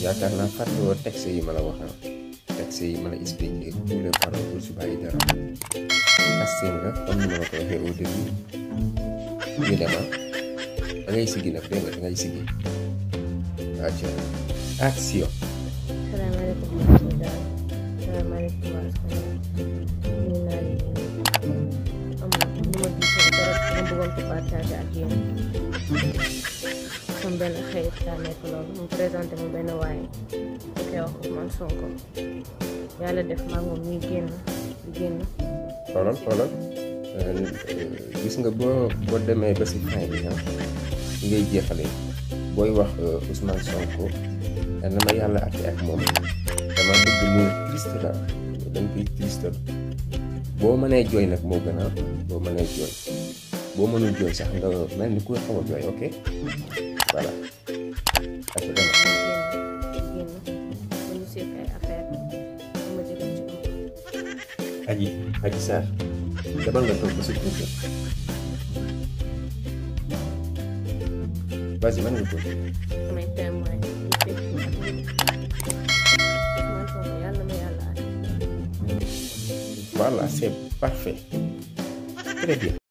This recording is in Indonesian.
ya karena kan dua teksi malah wakal teksi malah isping itu boleh para ukur supaya itu kasih enggak kamu malah kalau hero dulu mah ada isi gini apa enggak ada isi gini aja aksi terus am benn xëyit laa nekk loolu mu présenté mu benn waay bu koy wax Ousmane Sonko yàlla def maa moom ñuy génn di génn xoolal xoolal euh, gis nga boo boo demee ba si ah, ngay jeexale wax euh, Ousmane euh, na ma yàlla àtte ak moom dama bëgg triste la dañ koy triste boo mënee jooy nag moo gën a boo mënee jooy boo mënul jooy sax nga mel ni ku xaw a jooy ok suara satu dengar Haji Haji Sar coba nggak tahu musik itu Mas gimana gitu? Voilà, c'est parfait. Très bien.